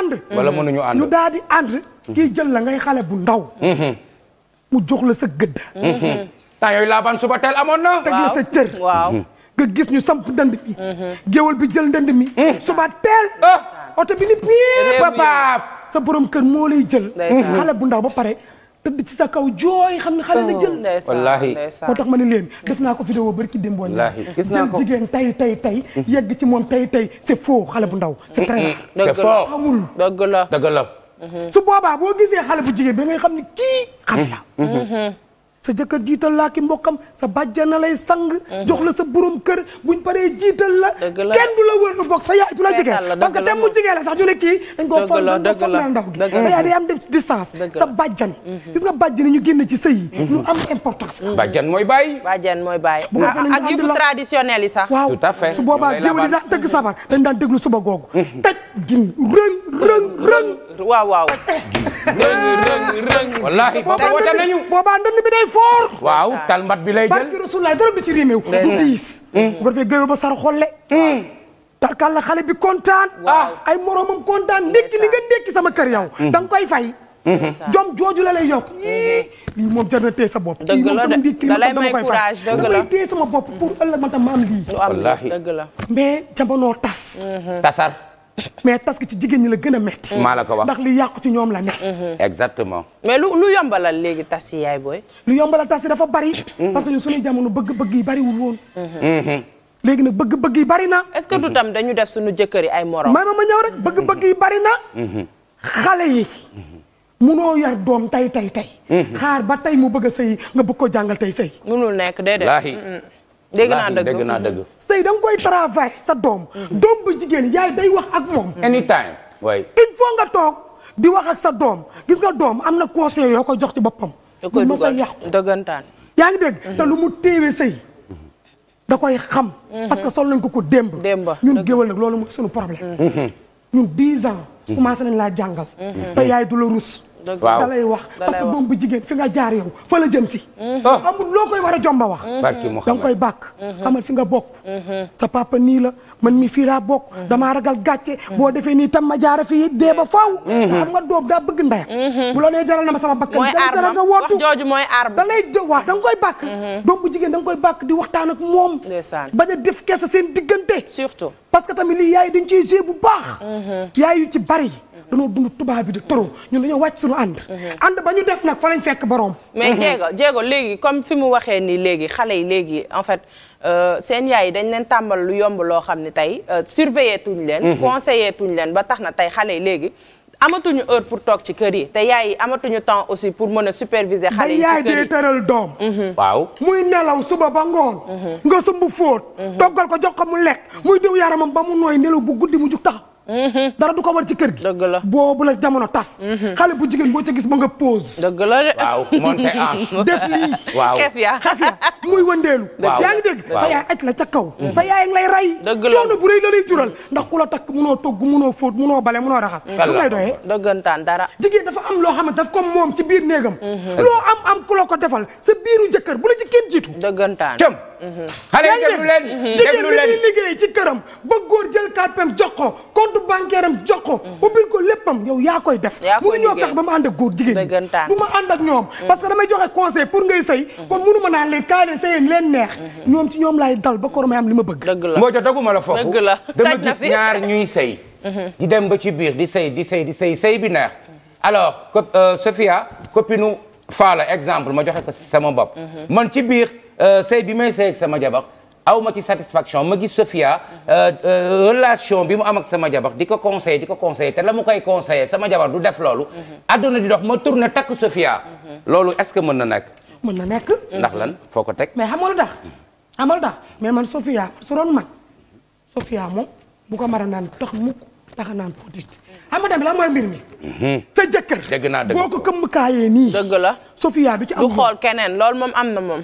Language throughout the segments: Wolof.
ànd wala mënuñu ànd ñu daal di ànd kii jël la ngay xale bu ndaw mhm. mu jox la sa gëdd mhm. temps yooyu laabaan suba teel amoon na teg la sa cër mhm. gis ñu samp ndënd mi géwal bi jël ndënd mi suba teel ah. oto bi ni pii eh, papa sa borom kër moo lay jël xale bu ndaw ba pare tëdd ci sa kaw jooy xam ne xale la jël. Oh, wallaahi moo tax ma ne leen def naa ko vidéo bari ki démb wallaahi gis naa ko jël jigéen tay tay tay moon mm-hmm. ci moom tay tay c'est faux xale bu ndaw. c'est très rare mm-hmm. c'est faux amul. dëgg la dëgg la. su boobaa boo gisee xale bu jigéen bi ngay xam ne kii xale la. Mm-hmm. sa jëkkër jiital laa ki mbokkam sa bàjjana lay sang mhm. jox la sa borom kër buñ paree jiital la kenn du la wër lu bokk sa yaay du la jege parce que mu jege la sax ñu ne kii dañ koo fon dañ ko mel ndaw gi sa yaay sa bàjjan mhm. gis nga bàjjan ñu génn ci sëy yi mhm. lu mooy bàyyi bàjjan mooy bàyyi bu ah, ak yëfu traditionnel yi sax waaw tout à fait su boobaa géwél yi daan tëgg sabar dañ daan déglu suba googu taj gin rëng rëng rëng rëng wallaahi booba woote nañu boobaa ndënd bi foor waaw talmat bi lay jël barki rasulaay dara du ci riimew du diis hmm. bu ko defee géyoo ba sar xolle hmm. tarkal la xale bi kontaan ay moroomam kontaan ndékki li nga sama kër yow hmm. da koy fay jom jooju la lay yokk lii moom jar na téye sa bopp dëgg la de da lay may courage dëgg la damay téye sama bopp pour ëllëg ma tam ma am lii wallaahi dëgg la tas tasar mais tas ki ci jigéen ñi la gën a metti maa la ko wax ndax li yàqu ci ñoom la ne. Mm-hmm. exactement. mais lu lu yombalal léegi tas yi yaay booy. lu yombalal tas yi dafa bari. Mm-hmm. parce que ñun suñuy jamono bëgg-bëgg yi bariwul woon. Mm-hmm. léegi nag bëgg-bëgg yi bari na. est-ce que du tam dañu def suñu jëkkër yi ay morom. maa ma ñëw rek bëgg-bëgg bari na. xale yi. munoo yar doom tey tey tey. xaar ba tey mu bëgg sëy nga bëgg ko jàngal tey sëy. munul nekk déedéet. dégg naa dëgg dégg naa dëgg. sëy da nga koy travail sa doom. doom bu jigéen yaay day wax ak moom. anytime waay. il faut nga toog di wax ak sa doom gis nga doom am na conseil yoo ko jox ci boppam. da koy dugal dëggantaan yaa ngi dégg mhm. te lu mu téewee sëy da koy xam. Mhm. parce que sol nañ ko ko démb. démb ñun géwal nag loolu mooy suñu problème. Mhm. ñun 10 ans. commencé nañ laa jàngal. te yaay du la rus. waaw lay wax parce que doom bu jigéen fi nga jaar yow fa la jëm si mm-hmm. oh. amul loo koy war a jomba wax mm-hmm. da nga koy bàkk mm-hmm. xamal fi nga bokk sa papa nii la man mi fii laa bokk damaa ragal gàcce boo defee nii tam ma jaara fii dee ba faaw xam nga doom daa bëgg ndayam bu la nee jaral na ma sama bakkan da jaral nga wootu jooju mooy aar da lay waaw da nga koy bàkk doom jigéen da nga koy bàkk di waxtaan ak moom bañ a def kees seen diggante surtout parce que tamit lii yaay dañ ci jouer bu baax yaay yu ci bari dañoo dund tubaab bi di toro ñun dañoo wàcc suñu ànd uh-huh. ànd ba ñu def nag fa lañ fekk boroom mais jéego uh-huh. jego léegi comme fi mu waxee nii léegi xale yi léegi en fait euh, seen yaay yi dañ leen tàmbal lu yomb loo xam ne tey euh, surveiller tuñ leen uh-huh. conseiller tuñ leen ba tax na tey xale yi léegi amatuñu heure pour toog ci kër yi te yaay yi amatuñu temps aussi pour mën a superviser xale yi yaay day tëral waaw muy nelaw suba ba ngoon nga sumb fóot toggal ko jox ko mu lekk muy diw yaramam ba mu nooy nelaw bu guddi mu jug taxaw dara du ko war ci kër gi. dëgg la boobu la jamono tas. Mhm. xale bu jigéen boo ca gis ma nga pause. dëgg la de waaw monté en. def lii waaw xef ya xef muy wëndeelu. waaw yaa ngi dégg sa yaay aj la ca kaw. Mhm. sa yaay ngi lay rey. dëgg la coono bu rëy jural ndax ku la takk munoo togg munoo fóot munoo bale noo raxas. lu lay doyee dëggantaan dara. jigéen dafa am loo xam ne daf ko moom ci biir néegam. Mhm. loo am am ku loo ko defal sa biiru jëkkër bu la ci kenn jiitu. dëggantaan xale yi déglu leen déglu leen liggéey ci këram ba góor jël karpem jox ko compte bancaire am jox ko ubbil ko léppam yow yaa koy def mënu ñoo fex ba ma ànd ak góor jigéen ma ànd ak ñoom parce que damay conseil pour ngay sëy kon mënu ma naan leen kaa leen sëy neex ñoom ci ñoom laay dal ba koro may am li ma bëgg moo jo daguma la da dama gis ñaar ñuy sëy di dem ba ci biir di sëy di sëy di sëy sëy bi neex alors euh, Sophia copine faala exemple ma joxe ko sama bopp. man ci biir euh, sëy bi may sëy ak sama jabar aw ma ci satisfaction ma gis Sofia euh, euh, relation bi mu am ak sama jabar di ko conseillé di ko conseillé te la mu koy conseillé sama jabar du def loolu. àdduna di dox ma tourné takk Sofia. loolu est-ce que man na nekk. mën na nekk. ndax lan foo ko teg. mais xamal tax xamal tax mais man Sofia su doon man Sofia moom bu ko mara naan tax mukk da nga naan potit xam nga tamit mooy mbir mi. Mhm. sa jëkkër. dëgg naa dëgg boo ko këmm kaayee nii. dëgg la Sofia du ci am. du xool keneen loolu moom am na moom.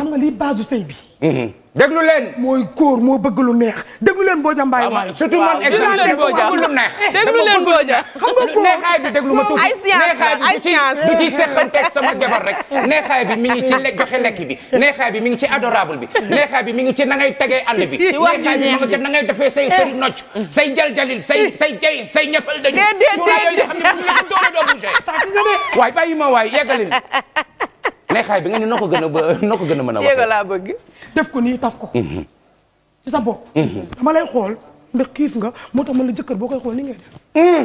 am nga lii base du bi. Mhm. déglu leen. mooy góor moo bëgg lu neex déglu leen Boja Mbaye waay. surtout man exemple lu neex. déglu leen Boja neexaay bi déglu ma tuuti. ay science bi du ci seqanteeg sama jabar rek. neexaay bi mi ngi ci joxe lekk bi neexaay bi mi ngi ci adorable bi neexaay bi mi ngi ci na ngay tegee ànd bi. neexaay bi mi ci na ngay defee say say nocc say jaljalil say say jay say ñafal dañu. déedéet déedéet tuuraay yooyu nga xam ne bu ñu la ko doole doo waay bàyyi ma waay yeggalil neexaay bi nga ni noo ko gën a noo ko gën a mën a wax. jéego ko mhm. sa bopp. Mhm. dama lay xool ndax kiif nga moo tax ma la boo koy xool ni ngay mhm.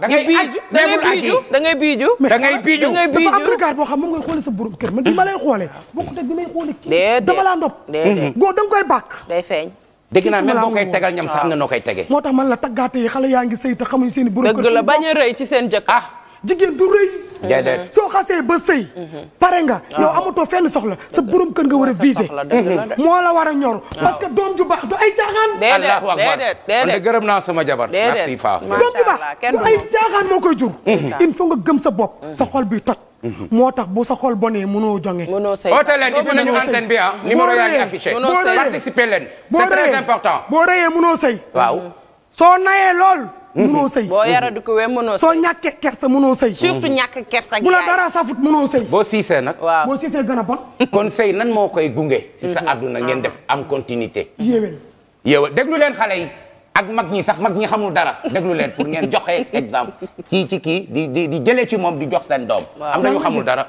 da ngay biiju da ngay biiju ngay biiju da ngay biiju dafa am regard boo xam moom ngay xoole sa borom ma lay xoolee bokkut ak bi may xoole kii dama da koy bàkk day feeñ dégg naa même boo koy tegal sax am na noo koy tege moo tax man la taggaate yi xale yaa ngi sëy te xamuñ seen i borom kër dëgg la bañ a rëy ci seen jëkk ah jigéen du rëy déedéet soo xasee ba sëy mhm. pare nga ah. yow amatoo fenn soxla sa borom kër nga war a visé moo la war a ñor ah. parce que doom ju baax du ay caaxaan allahu akbar de gërëm fa doom ju moo koy jur mm-hmm. il faut nga gëm sa bopp mm-hmm. sa xol bi toj mm-hmm. moo tax bu sa xol bonee mënoo jonge mënoo sëy oote leen ubbi nañu antenne bi ah numéro yaa ngi affiché participer leen c'est très boo rëyee mënoo sëy waaw soo nayee lool mënoo sëy boo yaradukuwee mënoo sëy soo ñàkkee kersa mënoo sëy surtout ñàkk kersa bu la dara safut mënoo sëy boo siisee nag waaw boo siisee gën a bon kon sëy nan moo koy gunge si sa mhm. àdduna ngeen ah. def am continuité yéewél yéewél déglu leen xale yi ak mag ñi sax mag ñi xamul dara déglu leen pour ngeen joxe exemple kii ci kii di di di jëlee ci moom di jox seen doom am na nañu xamul dara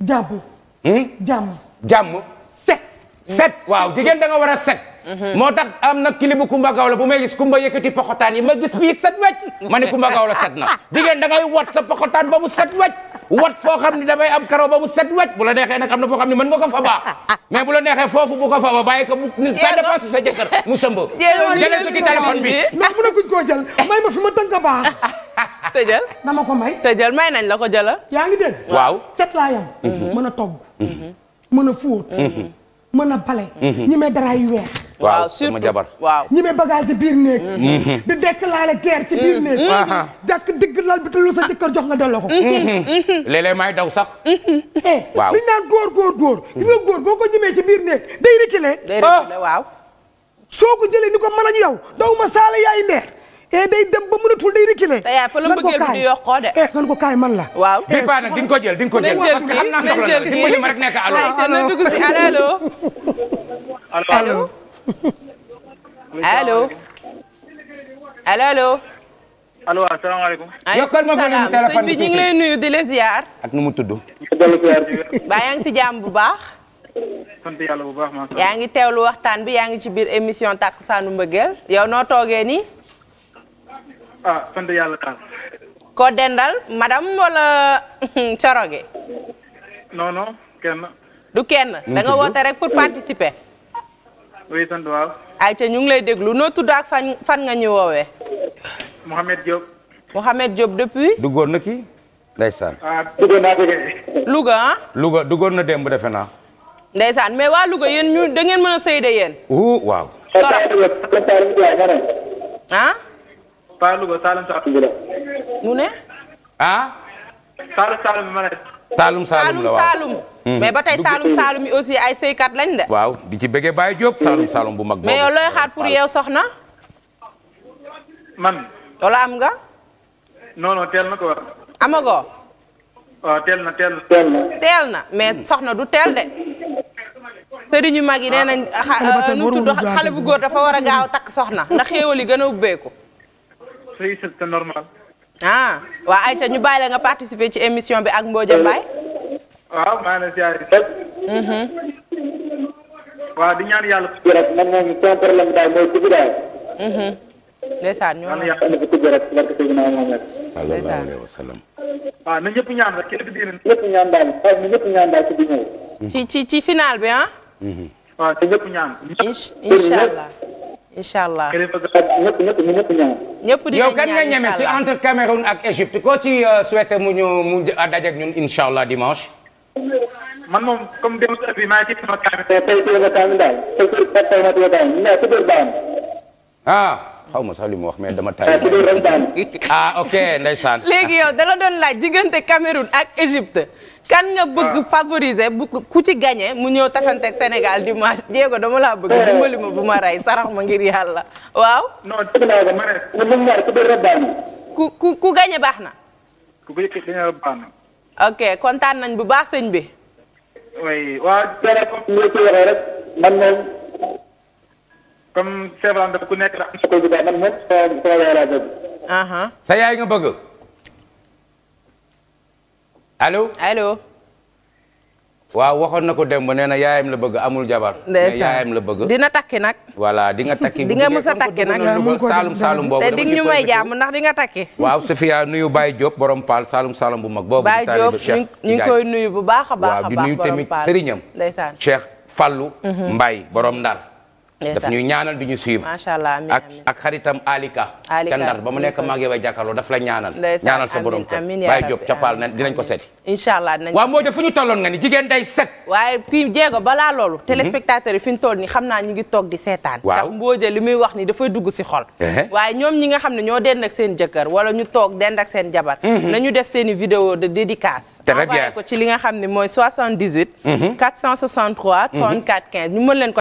jàmm hmm? jàmm jàmm set set waaw jigéen da nga war a set moo tax am na clip bu Kumba Gawlo bu may gis Kumba yëkkati poxotaan yi ma gis fii set wecc ma ne Kumba Gawlo set na jigéen da wat sa poxotaan ba mu set wecc wat foo xam ne damay am karaw ba mu set wecc bu la neexee nag am na foo xam ne mën nga ko fa baa mais bu la neexee foofu bu ko fa ba bàyyi ko bu ça sa jëkkër mu sëmb mu ne kuñ koo ma fi ma na ko la ko jëla yaa ngi dégg waaw set laa yam mhm. mën a togg mhm. mën a fóot mhm. mën a bale ñi may dara yu weex waaw sama jabar waaw ñi me bagage biir néeg mm-hmm. Mm-hmm. di déclaré guerre ci biir néeg dakk mm-hmm. uh-huh. digg lal bi te lu sa jëkkër jox nga delloo ko léeg-léeg may daw sax eh, waaw li naan góor góor góor gis nga góor boo ko ñimee ci biir néeg day reculer day reculer ah. waaw soo ko jëlee ni ko mën añ yow daw ma saala yaay ndeer e day dem ba mënatul day reculer. te yaay fa la mbëggeel bi di yokkoo de. Eh, nga ko kaay man la. waaw bi paa nag di nga ko jël di nga ko jël. parce que xam naa soxla na di ma rek nekk allo. allo allo. allo. allo allo. allo waaw salaamaaleykum. Ah, yokkal ma bi ñu ngi nuyu di la ziar. ak nu mu tudd. baa yaa ngi si jàmm bu baax. yaa ngi teewlu waxtaan bi yaa ngi ci biir émission Takkusaanu Mbëggeel yow noo toogee nii. ah dendal madame wala coroge. non non kenn. du kenn da woote rek pour participer. oui sant waaw. ñu ngi lay déglu noo tudd ak fan fan nga ñu woowee. Mouhamed Diop. Mouhamed Diop depuis. duggoon na kii ndeysaan. ah duggoon naa dégg. Louga ah. Louga duggoon na démb defe naa. ndeysaan mais waa Louga yéen ñu da ngeen mën a sëy de yéen. wuu waaw. ah. Pa Louga Saalum Saalum. mu ne. ah. Saalum Saalum ma ne. Saalum Saalum la waaw Saalum hmm. mais ba tey Saalum Saalum yi aussi ay sëykat lañ de. waaw di ci bëggee Baye Diop Saalum Saalum bu mag. boobu mais yow looy xaar pour yeew soxna. man. wala am nga. non teel na ko war. amagoo. waaw teel na teel na. na mais soxna du teel de. sëriñu mag yi nee nañ. Euh, nu tudd xale bu góor dafa war a gaaw takk soxna. ndax xéewal yi gën a ubbeeku. ah waa Aïcha ñu bàyyi la nga participer ci émission bi ak Mbodj Mbaye. waaw ah, maa ngi lay ziar yëpp. Mhm. waaw di ñaan yàlla. jërëjëf man moom sama problème daal mooy dugub daal. Mhm. ndeysaan ñoo ngi lay dugg rek barke Seydina Mohamed. sallallahu alayhi wa sallam. waaw na ñëpp ñaan rek képp diine. ñëpp ñaan daal waaw ñëpp ñaan daal ci bi ñëw. ci ci ci final bi ah. waaw te ñëpp ñaan. incha allah. incha allah ñëpp ñëpp ñëpp ñëpp ñëpp di yow kan nga euh, mu ñu mu dajeeg ñun incha allah dimanche. man moom comme démb bi a ngi ci sama ah, ma sax li mu wax mais dama ah, ah ok ndeysaan. léegi yow dala doon laaj ak Égypte. kan nga bëgg ah. favoriser bu ku ci gagné mu ñëw tasanteeg Sénégal dimanche Diego dama laa bëgg dimbali ma bu ma rey sarax ma ngir yàlla waaw. non dëgg laa ku ku baax na. ok kontaan nañ bu baax sëñ bi. oui waaw rek man ku nekk sa yaay nga bëgg. allo allo. waaw waxoon na ko démb nee na yaayam la bëgg amul jabar. ndeysaan yaayam la bëgg. dina takki nag. voilà di nga takki. di nga mës a takki nag saalum saalum boobu. te di ñu may jàmm ndax di nga takki. waaw Sofia nuyu Baye Diop borom Paal saalum saalum bu mag. boobu Baye Diop ñu ngi koy nuyu bu baax a baax a baax borom Paal waaw di nuyu tamit sëriñam. ndeysaan Cheikh Fallou. Mhm. Mbaye borom Ndar. daf ñuy ñaanal di ñu suivre macha allah amiin ak xaritam Alika. Alika ñaanal. ñaanal sa borom kër Baye Diop dinañ ko seeti. incha dinañ ko ñu tolloon nga set. waaye kii jéego balaa loolu. Mhm. téléspectateur yi fi ñu toll xam naa ñu ngi toog di seetaan. waaw ndax Mbodj li muy wax ni dafay dugg si xol. waaye ñoom ñi nga xam ne ñoo dend ak seen jëkkër wala ñu toog dend ak seen jabar. Mhm. nañu def seen i de dédicace. très bien ko ci li nga xam ne mooy 78. 463 34 15 ñu